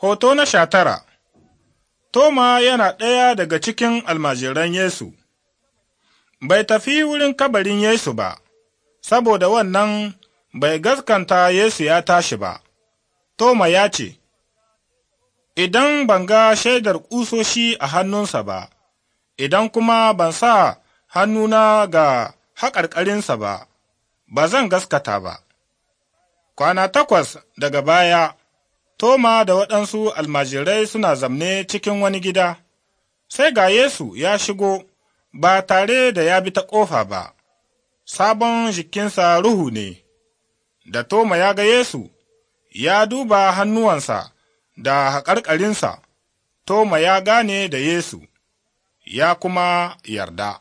Hoto na sha tara Toma yana ɗaya daga cikin almajiran Yesu, bai tafi wurin kabarin Yesu ba, saboda wannan bai gaskanta Yesu ya tashi ba. Toma ya ce, Idan ban ga shaidar ƙusoshi a hannunsa ba, idan kuma ban sa hannuna ga haƙarƙarinsa ba, ba zan gaskata ba. Kwana takwas daga baya, Toma da waɗansu almajirai suna zamne cikin wani gida, sai ga Yesu ya shigo ba tare da ya bi ta ƙofa ba, sabon jikinsa ruhu ne, da Toma ya ga Yesu, ya duba hannuwansa da haƙarƙarinsa, Toma ya gane da Yesu, ya kuma yarda.